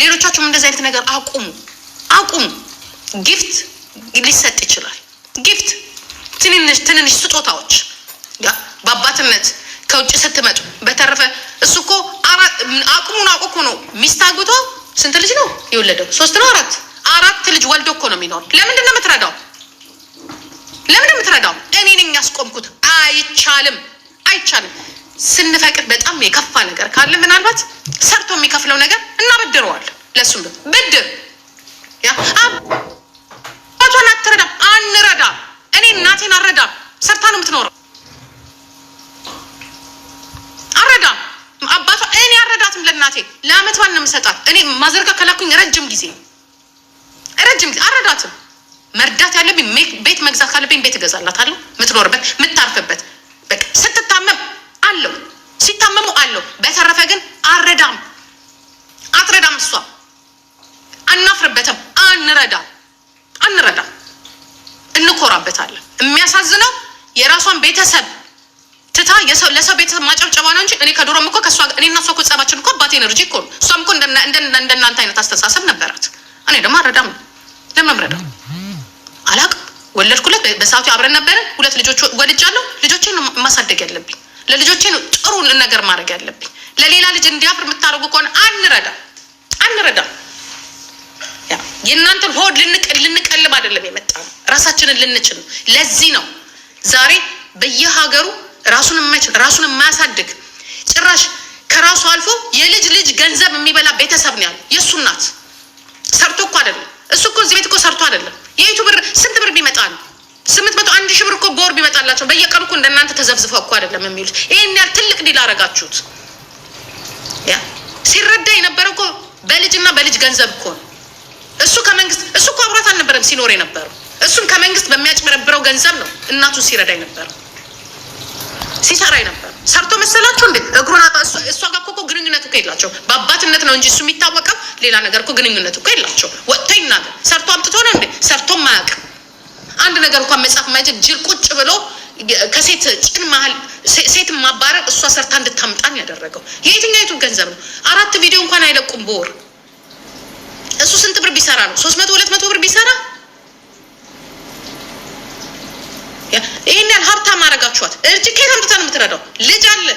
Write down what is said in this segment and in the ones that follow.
ሌሎቻችሁም እንደዚህ አይነት ነገር አቁሙ አቁሙ። ጊፍት ሊሰጥ ይችላል። ጊፍት ትንንሽ ትንንሽ ስጦታዎች በአባትነት ከውጭ ስትመጡ። በተረፈ እሱ እኮ አቁሙን አቁኮ ነው ሚስት አግብቶ ስንት ልጅ ነው የወለደው? ሶስት ነው አራት አራት ልጅ ወልዶ እኮ ነው የሚኖር። ለምንድን ነው የምትረዳው? ለምንድን ነው የምትረዳው? እኔ ነኝ ያስቆምኩት። አይቻልም፣ አይቻልም። ስንፈቅድ በጣም የከፋ ነገር ካለ ምናልባት ሰርቶ የሚከፍለው ነገር እናበድረዋል። ለሱም ብድር አባቷን አትረዳም፣ አንረዳም። እኔ እናቴን አረዳም፣ ሰርታ ነው የምትኖረው። አረዳም አባቷ እኔ አረዳትም። ለእናቴ ለአመት ባል ነው የምሰጣት እኔ ማዘርጋ ከላኩኝ ረጅም ጊዜ ረጅም ጊዜ አረዳትም። መርዳት ያለብኝ ቤት መግዛት ካለብኝ ቤት እገዛላታለሁ፣ የምትኖርበት የምታርፍበት አለው፣ ሲታመሙ አለው። በተረፈ ግን አረዳም አትረዳም፣ እሷ አናፍርበትም፣ አንረዳም አንረዳም፣ እንኮራበታለን። የሚያሳዝነው የራሷን ቤተሰብ ትታ ለሰው ቤተሰብ ማጨብጨባ ነው እንጂ እኔ ከድሮም እኮ ከእሷ እኔና እሷ እኮ ጸባችን እኮ አባቴ ኤነርጂ እኮ ነው። እሷም እኮ እንደናንተ አይነት አስተሳሰብ ነበራት። እኔ ደግሞ አረዳም ነው ለምን ምረዳው አላቅም ወለድኩለት። በሰዓቱ አብረን ነበርን። ሁለት ልጆች ወልጃለሁ። ልጆቼን ማሳደግ ያለብኝ ለልጆቼ ነው ጥሩ ነገር ማድረግ ያለብኝ። ለሌላ ልጅ እንዲያፍር የምታደርጉ ከሆነ አንረዳ አንረዳ። የእናንተን ሆድ ልንቀልብ አይደለም የመጣ ነው፣ ራሳችንን ልንችል ነው። ለዚህ ነው ዛሬ በየሀገሩ ራሱን የማይችል ራሱን የማያሳድግ ጭራሽ ከራሱ አልፎ የልጅ ልጅ ገንዘብ የሚበላ ቤተሰብ ነው ያለ። የእሱ እናት ሰርቶ እኮ አይደለም እሱ እኮ እዚህ ቤት እኮ ሰርቶ አይደለም የቱ ብር ስንት ብር ቢመጣ ነው ስምንት መቶ አንድ ሺህ ብር እኮ በወር ቢመጣላቸው በየቀኑ እኮ እንደናንተ ተዘብዝፈው እኮ አይደለም የሚሉት። ይህን ያህል ትልቅ ዲል አደረጋችሁት። ሲረዳ የነበረው እኮ በልጅና በልጅ ገንዘብ እኮ ነው። እሱ ከመንግስት እሱ እኮ አብሯት አልነበረም ሲኖር የነበረው እሱም ከመንግስት በሚያጭበረብረው ገንዘብ ነው እናቱ ሲረዳ የነበረው ሲሰራ የነበረው ሰርቶ መሰላችሁ እንዴ? እግሩን እሷ ጋር እኮ ግንኙነት እኮ የላቸው በአባትነት ነው እንጂ እሱ የሚታወቀው ሌላ ነገር እኮ ግንኙነት እኮ የላቸው። ወጥቶ ይናገር ሰርቶ አምጥቶ ነው እንዴ? ሰርቶም አያውቅም። አንድ ነገር እንኳን መጻፍ ማይችል ጅል ቁጭ ብሎ ከሴት ጭን መሀል ሴትን ማባረር እሷ ሰርታ እንድታምጣን ያደረገው የየትኛው የቱ ገንዘብ ነው? አራት ቪዲዮ እንኳን አይለቁም በወር እሱ ስንት ብር ቢሰራ ነው? ሶስት መቶ ሁለት መቶ ብር ቢሰራ ይህን ያህል ሀብታም አደረጋችኋት። እርጅ ከየት አምጥታ ነው የምትረዳው? ልጅ አለ፣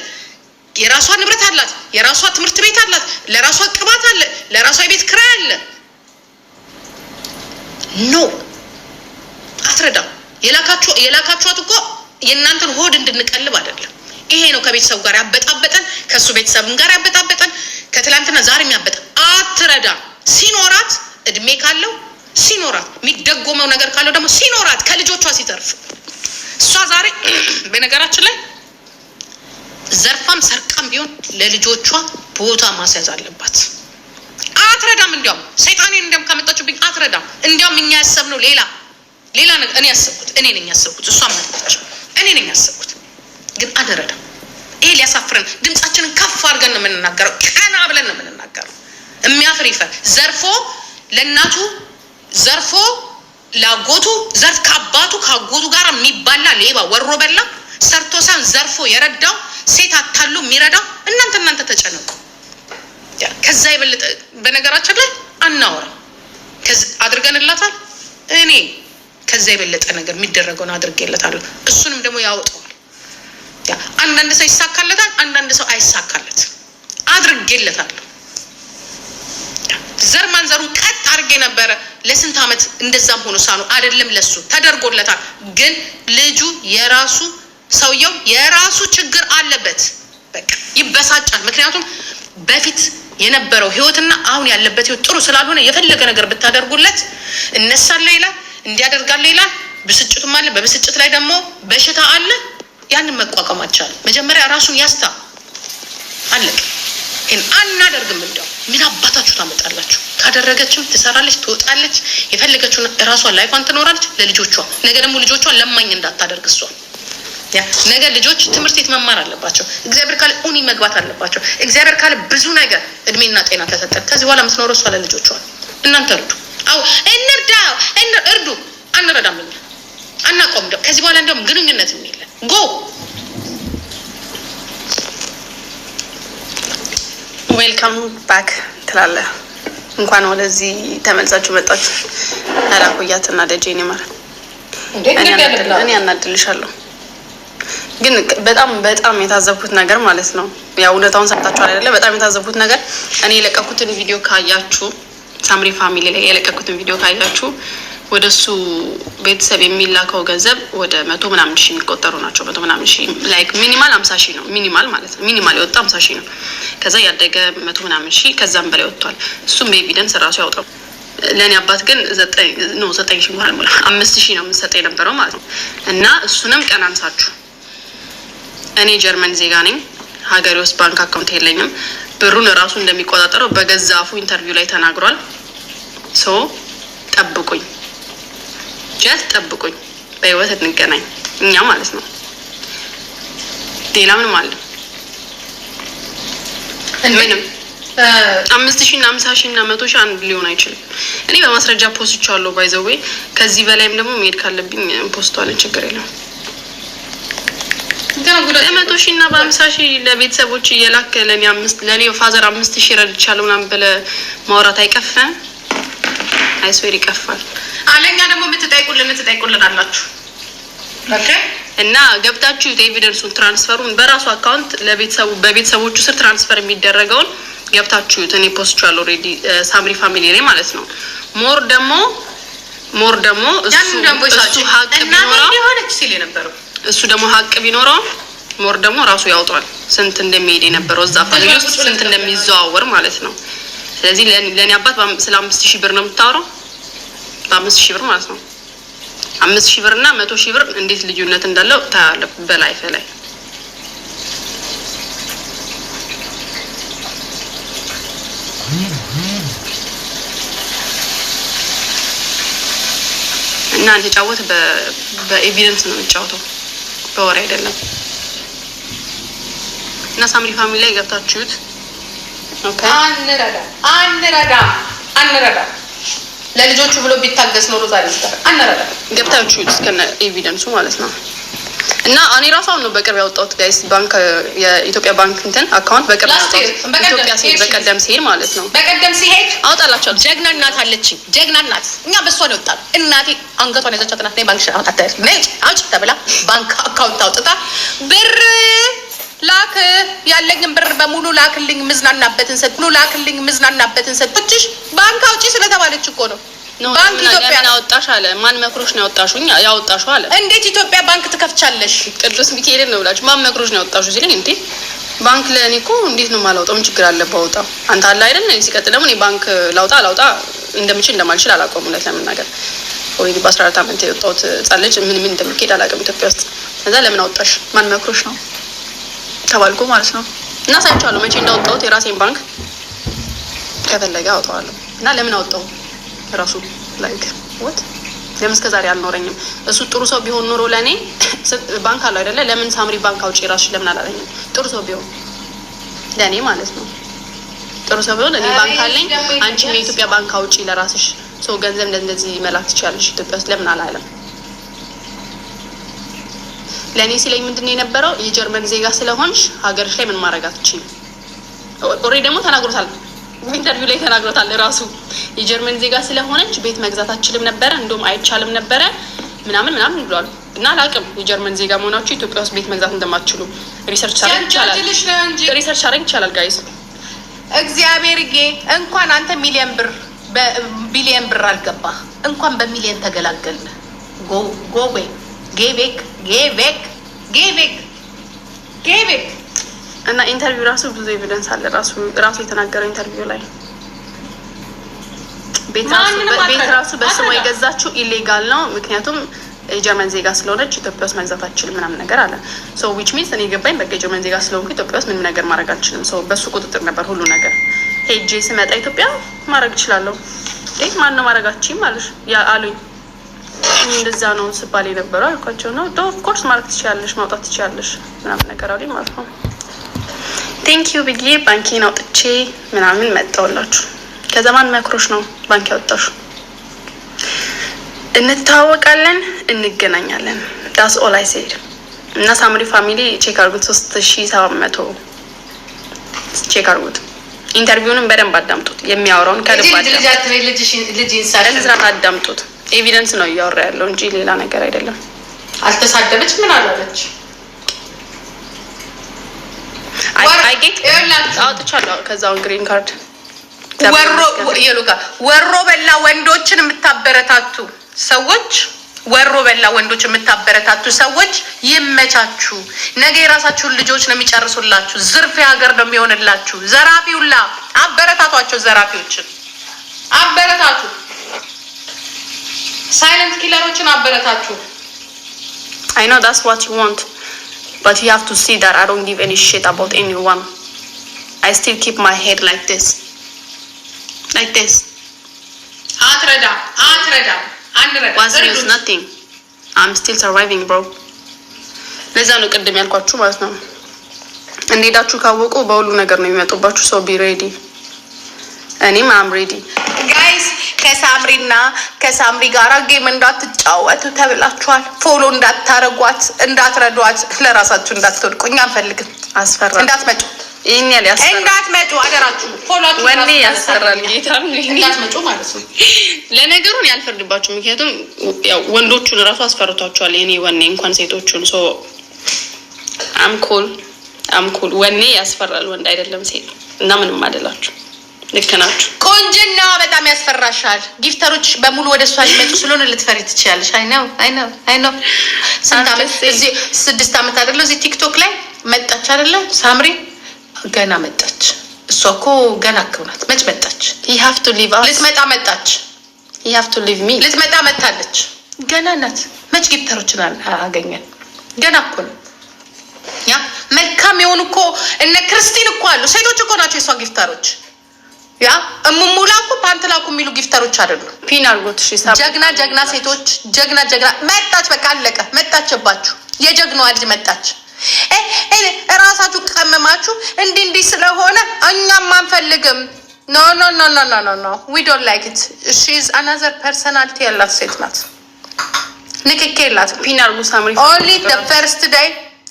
የራሷ ንብረት አላት፣ የራሷ ትምህርት ቤት አላት፣ ለራሷ ቅባት አለ፣ ለራሷ የቤት ክራይ አለ። ኖ አትረዳም። የላካችኋት እኮ የእናንተን ሆድ እንድንቀልብ አይደለም። ይሄ ነው ከቤተሰቡ ጋር ያበጣበጠን፣ ከእሱ ቤተሰብም ጋር ያበጣበጠን፣ ከትላንትና ዛሬ ያበጠ አትረዳም። ሲኖራት እድሜ ካለው ሲኖራት የሚደጎመው ነገር ካለው ደግሞ ሲኖራት ከልጆቿ ሲተርፍ እሷ ዛሬ በነገራችን ላይ ዘርፋም ሰርቃም ቢሆን ለልጆቿ ቦታ ማስያዝ አለባት። አትረዳም። እንዲያውም ሰይጣኔን እንዲያውም ካመጣችብኝ አትረዳም። እንዲያውም እኛ ያሰብነው ሌላ ሌላ ነገር እኔ ያሰብኩት እኔ ነኝ ያሰብኩት፣ እሷ ማለታቸው እኔ ነኝ ያሰብኩት፣ ግን አልረዳም። ይሄ ሊያሳፍረን ድምጻችንን ከፍ አድርገን ነው የምንናገረው፣ ቀና ብለን ነው የምንናገረው። የሚያፍር ይፈር። ዘርፎ ለእናቱ ዘርፎ ላጎቱ ዘርፍ ከአባቱ ከአጎቱ ጋር የሚባላ ሌባ ወሮ በላ ሰርቶ ሳን ዘርፎ የረዳው ሴት አታሉ የሚረዳው እናንተ እናንተ ተጨነቁ። ከዛ የበለጠ በነገራችን ላይ አናወራ አድርገንላታል እኔ ከዛ የበለጠ ነገር የሚደረገውን አድርጌለታለሁ። እሱንም ደግሞ ያወጣዋል። አንዳንድ ሰው ይሳካለታል፣ አንዳንድ ሰው አይሳካለት። አድርጌለታለሁ። ዘር ማንዘሩን ቀጥ አድርጌ ነበረ ለስንት ዓመት እንደዛም ሆኖ ሳኑ አይደለም ለሱ ተደርጎለታል። ግን ልጁ የራሱ ሰውየው የራሱ ችግር አለበት። በቃ ይበሳጫል። ምክንያቱም በፊት የነበረው ህይወትና አሁን ያለበት ህይወት ጥሩ ስላልሆነ የፈለገ ነገር ብታደርጉለት እነሳለሁ ይላል። እንዲያደርጋል ይላል። ብስጭቱም አለ። በብስጭት ላይ ደግሞ በሽታ አለ። ያንን መቋቋም አልቻለም። መጀመሪያ ራሱን ያስታ አለቅ ይህን አናደርግም። እንደው ምን አባታችሁ ታመጣላችሁ? ካደረገችም ትሰራለች፣ ትወጣለች፣ የፈለገችውን እራሷን ላይፏን ትኖራለች ለልጆቿ። ነገ ደግሞ ልጆቿን ለማኝ እንዳታደርግ እሷ ነገ ልጆች ትምህርት ቤት መማር አለባቸው። እግዚአብሔር ካለ ኡኒ መግባት አለባቸው። እግዚአብሔር ካለ ብዙ ነገር እድሜና ጤና ከሰጠ ከዚህ በኋላ የምትኖረው እሷ ለልጆቿ እናንተ እርዱ። አዎ እንርዳ፣ እርዱ። አንረዳም፣ እኛ አናቆም። ከዚህ በኋላ እንዲያውም ግንኙነት የለን። ጎ ዌልካም ባክ ትላለ። እንኳን ወደዚህ ተመልሳችሁ መጣችሁ። አላቆያትና ደጄን ይማር እኔ ያናድልሻለሁ። ግን በጣም በጣም የታዘብኩት ነገር ማለት ነው ያው እውነታውን ሰምታችኋል አይደለ? በጣም የታዘብኩት ነገር እኔ የለቀኩትን ቪዲዮ ካያችሁ ሳምሪ ፋሚሊ ላይ የለቀኩትን ቪዲዮ ካያችሁ ወደ እሱ ቤተሰብ የሚላከው ገንዘብ ወደ መቶ ምናምን ሺ የሚቆጠሩ ናቸው። መቶ ምናምን ሺ ላይክ ሚኒማል አምሳ ሺ ነው ሚኒማል ማለት ነው። ሚኒማል የወጣ አምሳ ሺ ነው። ከዛ ያደገ መቶ ምናምን ሺ ከዛም በላይ ወጥቷል። እሱም በኤቪደንስ ራሱ ያውጣው። ለእኔ አባት ግን ዘጠኝ ዘጠኝ ሺ እንኳን ሙላ አምስት ሺ ነው የምንሰጠው የነበረው ማለት ነው። እና እሱንም ቀን አንሳችሁ እኔ ጀርመን ዜጋ ነኝ። ሀገሬ ውስጥ ባንክ አካውንት የለኝም። ብሩን እራሱ እንደሚቆጣጠረው በገዛ አፉ ኢንተርቪው ላይ ተናግሯል። ሶ ጠብቁኝ፣ ጀስት ጠብቁኝ፣ በህይወት እንገናኝ እኛ ማለት ነው። ሌላ ምንም አለ ምንም አምስት ሺ እና አምሳ ሺ እና መቶ ሺ አንድ ሊሆን አይችልም። እኔ በማስረጃ ፖስት ቻለሁ። ባይዘዌ ከዚህ በላይም ደግሞ መሄድ ካለብኝ ፖስቷልን ችግር የለም። ግን ጉዳ መቶ ሺህ እና በአምሳ ሺህ ለቤተሰቦች እየላከ ለእኔ አምስት ለእኔ ፋዘር አምስት ሺህ ረድቻለሁ ምናምን ብለህ ማውራት አይቀፈም። አይስዌር ይቀፋል። አለኛ ደግሞ የምትጠይቁልን ትጠይቁልን አላችሁ እና ገብታችሁ ኤቪደንሱን ትራንስፈሩን በራሱ አካውንት ለቤተሰቡ በቤተሰቦቹ ስር ትራንስፈር የሚደረገውን ገብታችሁ እኔ ፖስቻለሁ ኦልሬዲ ሳምሪ ፋሚሊ ላይ ማለት ነው። ሞር ደግሞ ሞር ደግሞ እሱ ደግሞ እሱ ሀቅ ቢኖረው የነበረው እሱ ደግሞ ሀቅ ቢኖረው ሞር ደግሞ ራሱ ያውጧል ስንት እንደሚሄድ የነበረው እዛ ፋሚሊ ውስጥ ስንት እንደሚዘዋወር ማለት ነው። ስለዚህ ለእኔ አባት ስለ አምስት ሺህ ብር ነው የምታወራው፣ በአምስት ሺህ ብር ማለት ነው። አምስት ሺህ ብር እና መቶ ሺህ ብር እንዴት ልዩነት እንዳለው ታያለህ በላይፍ ላይ እና አንተ ጫወት በኤቪደንስ ነው የሚጫወተው። በወሬ አይደለም። እና ሳምሪ ፋሚሊ ላይ ገብታችሁት አንረዳ አንረዳ አንረዳ ለልጆቹ ብሎ ቢታገስ ኖሮ ዛሬ አንረዳ ገብታችሁት እስከነ ኤቪደንሱ ማለት ነው። እና እኔ ራሱ አሁን ነው በቅርብ ያወጣሁት ጋይስ ባንክ የኢትዮጵያ ባንክ እንትን አካውንት በቅርብ ያወጣሁት ኢትዮጵያ ሲሄድ በቀደም ሲሄድ ማለት ነው። በቀደም ሲሄድ አወጣላቸዋል። ጀግና እናት አለችኝ። ጀግና እናት እኛ በሷ ነው ወጣ እናቴ አንገቷን ያዘቻት እናት ነይ ባንክሽን አውጣ ነጭ አውጭ ተብላ ባንክ አካውንት አውጥታ ብር ላክ ያለኝን ብር በሙሉ ላክልኝ፣ ምዝናናበትን ሰጥ ሙሉ ላክልኝ፣ ምዝናናበትን ሰጥችሽ ባንክ አውጪ ስለተባለች እኮ ነው። ባንክ ኢትዮጵያ አወጣሽ አለ። ማን መክሮሽ ነው ያወጣሽው? እኛ ያወጣሽው አለ። እንዴት ኢትዮጵያ ባንክ ትከፍቻለሽ? ቅዱስ ሚካኤልን ነው ብላችሁ ማን መክሮሽ ነው ያወጣሽው ሲለኝ እንዴ ባንክ ለእኔ እኮ እንዴት ነው የማላውጣው? ምን ችግር አለ ባወጣው? አንተ አለ አይደል? ሲቀጥል ደግሞ እኔ ባንክ ላውጣ ላውጣ እንደምችል እንደማልችል አላውቀውም። እውነት ለመናገር ወይኔ በአስራ አራት ዓመት የወጣሁት ሕፃን ምን ምን እንደምትሄድ አላውቅም ኢትዮጵያ ውስጥ። ከዛ ለምን አወጣሽ ማን መክሮሽ ነው ተባልኩ ማለት ነው። እና ሳይቻለሁ መቼ እንዳወጣሁት የራሴን ባንክ ከፈለገ አውጣዋለሁ እና ለምን አወጣሁ ራሱ ላይክ ወት ለምን እስከ ዛሬ አልኖረኝም? እሱ ጥሩ ሰው ቢሆን ኖሮ ለእኔ ባንክ አለው አይደለ? ለምን ሳምሪ ባንክ አውጪ ራስሽ ለምን አላለኝም? ጥሩ ሰው ቢሆን ለእኔ ማለት ነው። ጥሩ ሰው ቢሆን እኔ ባንክ አለኝ፣ አንቺ የኢትዮጵያ ባንክ አውጪ ለራስሽ ሰው ገንዘብ እንደዚህ መላክ ትችላለሽ ኢትዮጵያ ውስጥ ለምን አላለም? ለእኔ ሲለኝ ምንድን ነው የነበረው የጀርመን ዜጋ ስለሆንሽ ሀገርሽ ላይ ምን ማረጋት ችኝ ኦሬ ደግሞ ተናግሮታል። ኢንተርቪው ላይ ተናግሮታል ራሱ የጀርመን ዜጋ ስለሆነች ቤት መግዛት አችልም ነበረ፣ እንዲሁም አይቻልም ነበረ ምናምን ምናምን ብሏል። እና አላቅም የጀርመን ዜጋ መሆናችሁ ኢትዮጵያ ውስጥ ቤት መግዛት እንደማትችሉ ሪሰርች አረግ ይቻላል። ጋይስ እግዚአብሔር ጌ እንኳን አንተ ሚሊየን ብር በቢሊየን ብር አልገባ እንኳን በሚሊየን ተገላገል። ቤክ ጌ ቤክ ጌ ቤክ እና ኢንተርቪው ራሱ ብዙ ኤቪደንስ አለ። ራሱ ራሱ የተናገረው ኢንተርቪው ላይ ቤት ራሱ በስሙ የገዛችው ኢሌጋል ነው፣ ምክንያቱም የጀርመን ዜጋ ስለሆነች ኢትዮጵያ ውስጥ መግዛት አችልም ምናምን ነገር አለ። ሶ ዊች ሚንስ እኔ ገባኝ፣ በቃ የጀርመን ዜጋ ስለሆንኩ ኢትዮጵያ ውስጥ ምንም ነገር ማድረግ አልችልም። ሰው በሱ ቁጥጥር ነበር ሁሉ ነገር። ሄጄ ስመጣ ኢትዮጵያ ማድረግ እችላለሁ። ማን ነው ማድረግ አችም አሉሽ አሉኝ። እንደዛ ነው ስባል የነበረው አልኳቸው። ነው ኦፍኮርስ ማድረግ ትችላለሽ፣ ማውጣት ትችላለሽ ምናምን ነገር አሉኝ ማለት ነው። ቴንኪዩ ብዬ ባንኪን አውጥቼ ምናምን መጣውላችሁ። ከዘማን መክሮች ነው ባንክ ያወጣሹ? እንተዋወቃለን፣ እንገናኛለን። ዳስ ኦል አይ ሴድ እና ሳምሪ ፋሚሊ ቼክ አርጉት፣ ሶስት ሺ ሰባት መቶ ቼክ አርጉት። ኢንተርቪውንም በደንብ አዳምጡት፣ የሚያወራውን ከልብ አዳምጡት። ኤቪደንስ ነው እያወራ ያለው እንጂ ሌላ ነገር አይደለም። አልተሳደበች ምን አላለች አውጥቻለሁ። ግሪን ካርድ ወሮ በላ ወንዶችን የምታበረታቱ ሰዎች ወሮ በላ ወንዶች የምታበረታቱ ሰዎች ይመቻችሁ። ነገ የራሳችሁን ልጆች ነው የሚጨርሱላችሁ። ዝርፍ ሀገር ነው የሚሆንላችሁ። ዘራፊውላ አበረታቷቸው። ዘራፊዎችን አበረታቱ። ሳይለንት ኪለሮችን አበረታቱ አይ ኖ ዳስ ዋት ዩ ዋንት But you have to see that I don't give any shit about anyone. I still keep my head like this. Like this. Once there's nothing, I'm still surviving bro ለዛ ነው ቅድም ያልኳችሁ ማለት ነው። እንደሄዳችሁ ካወቁ በሁሉ ነገር ነው የሚመጡባችሁ። ሰው ቢ ሬዲ እኔም አም ሬዲ ጋይስ ከሳምሪና ከሳምሪ ጋራ ጌም እንዳትጫወቱ ተብላችኋል። ፎሎ እንዳታረጓት፣ እንዳትረዷት፣ ለራሳችሁ እንዳትወድቁ እኛ አንፈልግም። አስፈራ እንዳትመጩ፣ ይህን ያል እንዳትመጩ፣ አደራችሁ። ወኔ ያሰራል። ጌታ እንዳትመጩ ማለት ነው። ለነገሩን ያልፈርድባችሁ፣ ምክንያቱም ወንዶቹን እራሱ አስፈርቷቸዋል። የኔ ወኔ እንኳን ሴቶቹን ሶ አምኮል አምኮል ወኔ ያስፈራል። ወንድ አይደለም ሴት እና ምንም አደላችሁ ልክ ናችሁ። ቆንጅና በጣም ያስፈራሻል። ጊፍተሮች በሙሉ ወደ እሷ ሊመጡ ስለሆነ ልትፈሪ ትችላለች። አይ ነው አይ ነው አይ ነው። ስንት ዓመት እዚህ ስድስት ዓመት አይደለ እዚህ ቲክቶክ ላይ መጣች አይደለ ሳምሪ ገና መጣች። እሷ እኮ ገና ክብናት መች መጣች? ሀፍቱ ሊቭ ልትመጣ መጣች። ሀፍቱ ሊቭ ሚ ልትመጣ መታለች። ገና ናት። መች ጊፍተሮችን አገኘን? ገና እኮ ነው ያ መልካም የሆኑ እኮ እነ ክርስቲን እኮ አሉ። ሴቶች እኮ ናቸው የእሷ ጊፍተሮች ያ እምሙላኩ ፓንትላኩ የሚሉ ጊፍተሮች አይደሉም። ፒን አርጎት ጀግና ጀግና ሴቶች ጀግና ጀግና መጣች። በቃ አለቀ። መጣችባችሁ። የጀግናዋ ልጅ መጣች። እራሳችሁ ቀመማችሁ። እንዲህ እንዲህ ስለሆነ እኛም አንፈልግም። ኖ ኖ ኖ ኖ ኖ ኖ ዊ ዶንት ላይክ ኢት ሺ ኢዝ አናዘር ፐርሰናሊቲ ያላት ሴት ናት። ንክኬ የላት ፒን አርጉ። ሳምሪ ኦንሊ ደ ፈርስት ዳይ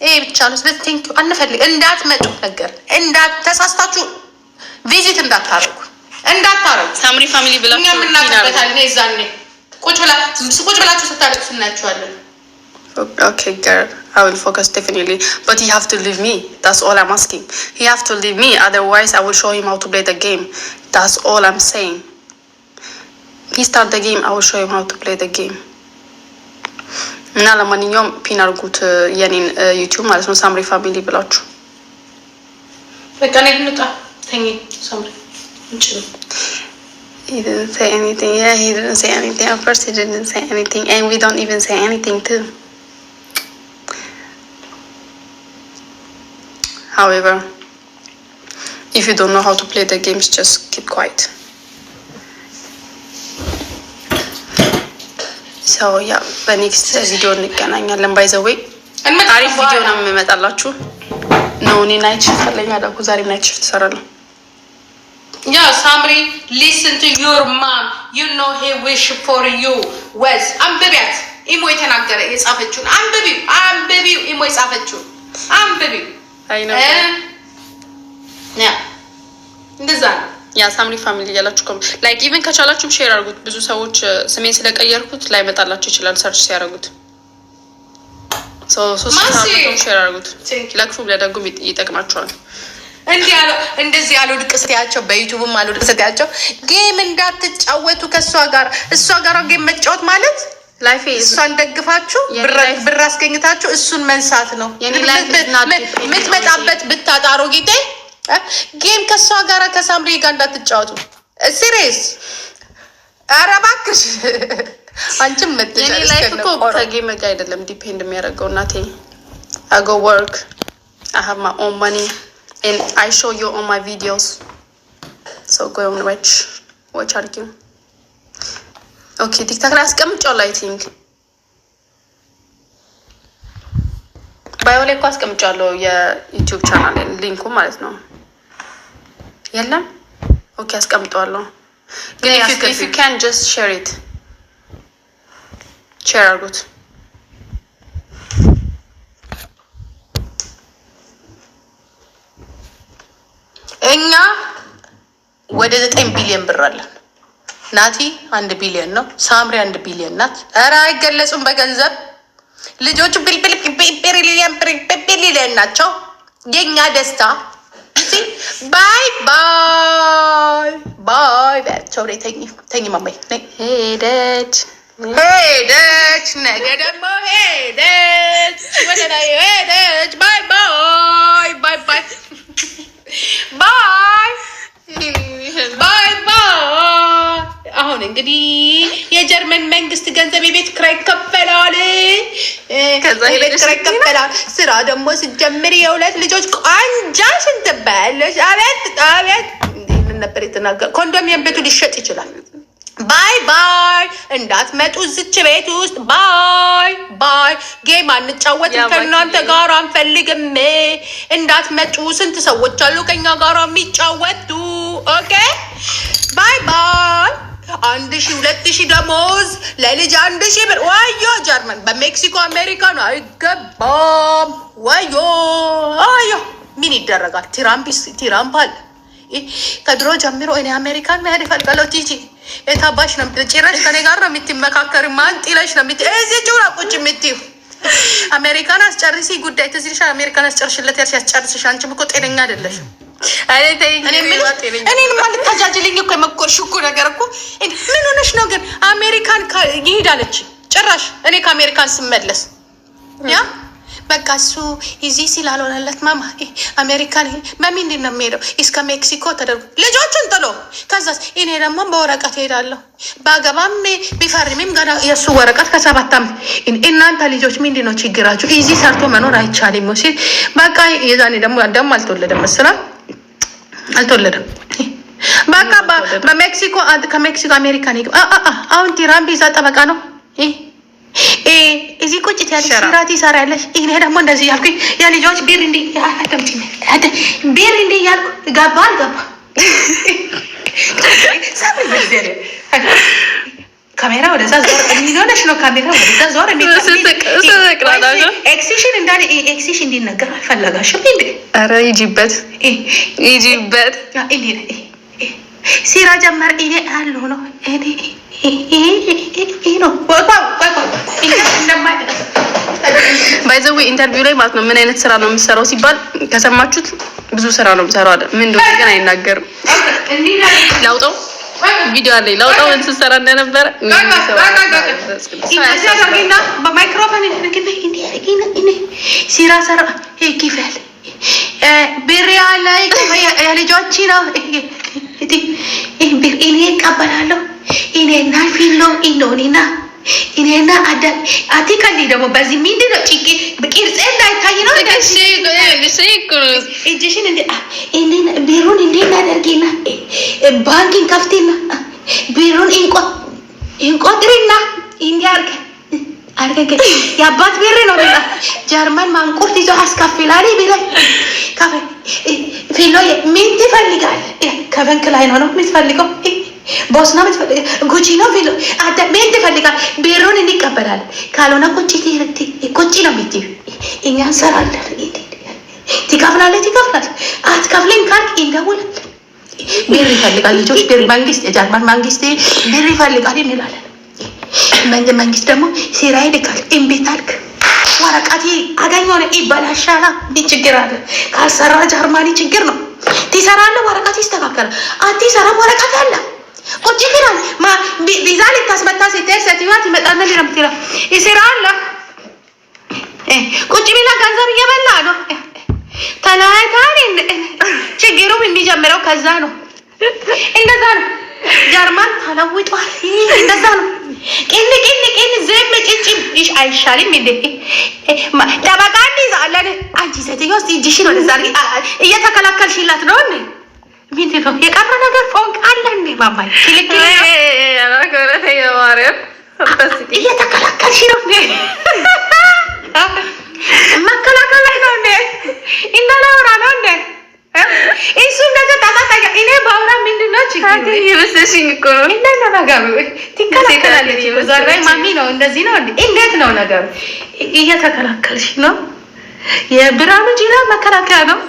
ይሄ ብቻ ነው። ስለዚህ ቴንክ ዩ አንፈልግ እንዳትመጡ ነገር እንዳት ተሳስታችሁ ቪዚት እንዳታረጉ እንዳታረጉ። ሳምሪ ፋሚሊ ብላ እኛ የምናውቅበታለን። የዛኔ ቁጭ ብላ ቁጭ ብላችሁ ስታለቅሱ እናያችኋለን። ኦኬ ገርል አይ ዊል ፎከስ ዴፊኒትሊ በት ሂ ሃቭ ቱ ሊቭ ሚ ዳትስ ኦል አም አስኪንግ ሂ ሃቭ ቱ ሊቭ ሚ አዘርዋይዝ አይ ዊል ሾው ሂም ሃው ቱ ፕሌይ ዘ ጌም ዳትስ ኦል አም ሴይንግ ሂ ስታርት ዘ ጌም አይ ዊል ሾው ሂም ሃው ቱ ፕሌይ ዘ ጌም እና ለማንኛውም ፒን አድርጉት የኔን ዩቲዩብ ማለት ነው ሳምሪ ፋሚሊ ብላችሁ በቃ እኔ ልንጣ thingy, something. He didn't say anything. Yeah, he didn't say anything. At first, he didn't say anything, and we don't even say anything too. However, if you don't know how to play the games, just keep quiet. So ሰው ያ በኔክስት ቪዲዮ እንገናኛለን። ባይ ዘ ዌይ አሪፍ ቪዲዮ ነው የሚመጣላችሁ ነው። እኔ ናይት ሽፍት ለኛ ዛሬ ናይት ሽፍት እሰራለሁ። Yeah, Samri, listen to your mom. You know he wish for you was አንብቢያት ኢሞ የተናገረ የጻፈችውን አንብቢው አንብቢው ኢሞ የጻፈችውን አንብቢው። እንደዛ ነው ያ ሳምሪ ፋሚሊ እያላችሁ ኮም ላይክ ኢቨን ከቻላችሁም ሼር አድርጉት። ብዙ ሰዎች ስሜን ስለቀየርኩት ላይመጣላችሁ ይችላል ሰርች ሲያደርጉት። ሶስት ሼር አድርጉት። ለክፉም ለደጉም ይጠቅማችኋል። እንደዚህ አልወድቅ ስትያቸው በዩቱብም አልወድቅ ስትያቸው ጌም እንዳትጫወቱ ከእሷ ጋር እሷ ጋር ጌም መጫወት ማለት እሷን ደግፋችሁ ብር አስገኝታችሁ እሱን መንሳት ነው። የምትመጣበት ብታጣሩ ጊዜ ጌም ከእሷ ጋር ከሳምሪ ጋር እንዳትጫወቱ ሲሪየስ። ኧረ እባክሽ አንቺም መጥቻለሽ። ላይፍ እኮ ከጌም ጋር አይደለም ዲፔንድ የሚያደርገው እናቴ። አጎ ወርክ አሀማ ኦን ማኒ and I show you on my videos. So go and watch watch አድርጊው። ኦኬ ቲክታክ ላይ አስቀምጫለሁ። አይ ቲንክ ባዮ ላይ እኮ አስቀምጫለሁ የዩቲዩብ ቻናል ሊንኩ ማለት ነው። የለም ኦኬ አስቀምጠዋለሁ። ግን ዩ ካን ጀስት ሼር ኢት ሼር አድርጉት። እኛ ወደ ዘጠኝ ቢሊዮን ብር አለን። ናቲ አንድ ቢሊዮን ነው። ሳምሪ አንድ ቢሊዮን ናት። ኧረ አይገለጹም በገንዘብ ልጆቹ ቢሊዮን ናቸው። የእኛ ደስታ ባይ ባይ ባይ በያቸው ተኝ ተኝ ማማይ ሄደች ሄደች ነገ ደግሞ ሄደች ወደ ላይ ሄደች ባይ ባይ ባይ ባይ ባይ ባይ ባይ። አሁን እንግዲህ የጀርመን መንግስት ገንዘብ የቤት ኪራይ ይከፈላል፣ የቤት ኪራይ ይከፈላል። ስራ ደግሞ ስጀምር የሁለት ልጆች ቆንጃ ሽንት አቤት አቤት! ምን ነበር የተናገር? ኮንዶሚየም ቤቱ ሊሸጥ ይችላል። ባይ ባይ፣ እንዳትመጡ ዝች ቤት ውስጥ ባይ ባይ። ጌም አንጫወትም ከእናንተ ጋር አንፈልግም። እንዳትመጡ፣ ስንት ሰዎች አሉ ከኛ ጋር የሚጫወቱ። ኦኬ ባይ ባይ። አንድ ሺ ሁለት ሺ ደሞዝ ለልጅ አንድ ሺ ብር ወዮ። ጀርመን በሜክሲኮ አሜሪካን አይገባም። ወዮ ወዮ። ምን ይደረጋል? ቲራምፕ አለ ከድሮ ጀምሮ እኔ አሜሪካን መሄድ እፈልጋለሁ። ቲጂ የታባሽ ነው? ጭራሽ ከኔ ጋር ነው የምትመካከር? ማን ጥለሽ ነው የምት እዚህ ጭራ ቁጭ የምትይው? አሜሪካን አስጨርሲ ጉዳይ ትዝ ይልሻል። አሜሪካን አስጨርሽለት ያልሽ ያስጨርስሽ። አንቺም እኮ ጤነኛ አይደለሽም። እኔንማ ልታጃጅልኝ እኮ የመኮርሽ እኮ ነገር እኮ ምን ሆነሽ ነው ግን? አሜሪካን ይሄዳለች ጭራሽ እኔ ከአሜሪካን ስመለስ ያ በቃ እሱ እዚህ ስላልሆነለት ማማ አሜሪካን በምንድን ነው የሚሄደው? እስከ ሜክሲኮ ተደርጎ ልጆቹን ጥሎ ከዛስ፣ እኔ ደግሞ በወረቀት ሄዳለሁ። በአገባም ቢፈርምም ገና የእሱ ወረቀት ከሰባት ዓመት እናንተ ልጆች ምንድን ነው ችግራችሁ? እዚህ ሰርቶ መኖር አይቻልም ሲል በቃ የዛኔ ደግሞ ደግሞ አልተወለደም መስራ አልተወለደም በቃ በሜክሲኮ ከሜክሲኮ አሜሪካን አሁን ቲራምቢ ጠበቃ ነው። እዚህ ቁጭት ያለሽ ስራት ይሰራ ያለሽ ይሄ ደግሞ እንደዚህ ያልኩኝ የልጆች ቢር እንዲ ቢር እንዲ ያልኩ ገባ አልገባ ካሜራ ወደዛ ዞር የሚሆነሽ ነው። ካሜራ ወደዛ ዞር ኤክሲሽን እንዳ ኤክሲሽ እንዲነገር አልፈለጋሽም። ኧረ ይጂበት ይጂበት ሲራ ጀመር። እኔ አሉ ነው እኔ ባይዘዌ ኢንተርቪው ላይ ማለት ነው ምን አይነት ስራ ነው የምሰራው ሲባል ከሰማችሁት ብዙ ስራ ነው የምሰራው አለ። ምን እንደሆነ ግን አይናገርም። ላውጣው ቪዲዮ አለኝ ላውጣው እንስሰራ እንደነበረ ሲራ ሰራ ክፈል ብሬ ላይ የልጆች ነው እኔ እቀበላለሁ። እኔና ፊሎ ኢንዶኒና እኔና አቲካሊ ደግሞ በዚህ ምንድን ነው ጭቂ ቅርጽ እንዳይታይ ነው። እጅሽን ቢሩን እንዲ እናደርጊና ባንክ እንከፍትና ቢሩን እንቆጥርና እንዲያርገ አርገገ የአባት ብር ነው። ጀርመን ማንቁርት ይዞ አስከፍላል ቢለ ፊሎ ምን ትፈልጋል? ከበንክ ላይ ነው ነው የምትፈልገው? ቦስ ጉቺ ነው ፊሎ ምን ትፈልጋል? ብሩን እንቀበላል። ካልሆነ ቁጭ ነው ምት እኛ እንሰራለን። ትከፍላለህ ትከፍላለህ። አትከፍልም ካልክ እንደውላለን። ብር ይፈልጋል። ልጆች ብር መንግስት፣ የጀርመን መንግስት ብር ይፈልጋል እንላለን። መንግ መንግስት ደግሞ ሴራ ይልካል። እምቤት አልክ ወረቀቴ አገኘሁ ይበላሻል። ምን ችግር አለ? ካልሰራ ጀርማኒ ችግር ነው። ትሰራለህ፣ ወረቀት ይስተካከላል። አትሰራም፣ ወረቀት አለ። ቁጭ ይላል። ቪዛ ልታስመታ ስትሄድ ሴትዮዋት ይመጣና ትላ ይስራ አለ። ቁጭ ቢላ ገንዘብ እየበላ ነው። ተለያይታን ችግሩም የሚጀምረው ከዛ ነው። እንደዛ ነው። ጀርመን ተለውጧል። እንደዛ ነው። ቅን ቅን ቅን ዝም ጭጭ አይሻልም እንዴ? ጠበቃ እንይዛለን። አንቺ ሴትዮ ውስጥ እጅሽን ወደዛ እየተከላከልሽላት ነው። ምንድን ነው የቀረ ነገር ፎንቅ አለ እንዴ? ባባይ እየተከላከልሽ ነው መከላከል ነው እንዴ? እንዳላወራ ነው እንዴ? እሱ እንደዚያ እኔ ባውራ ምንድን ነው ችግሩ? የበሰሽኝ እኮ ነው። ነው ነገሩ? ትከላከላለች ማሚ ነው እንደዚህ ነው። እንዴት ነው ነገሩ? እየተከላከልሽ ነው። የብርሃኑ ጅላ መከላከያ ነው።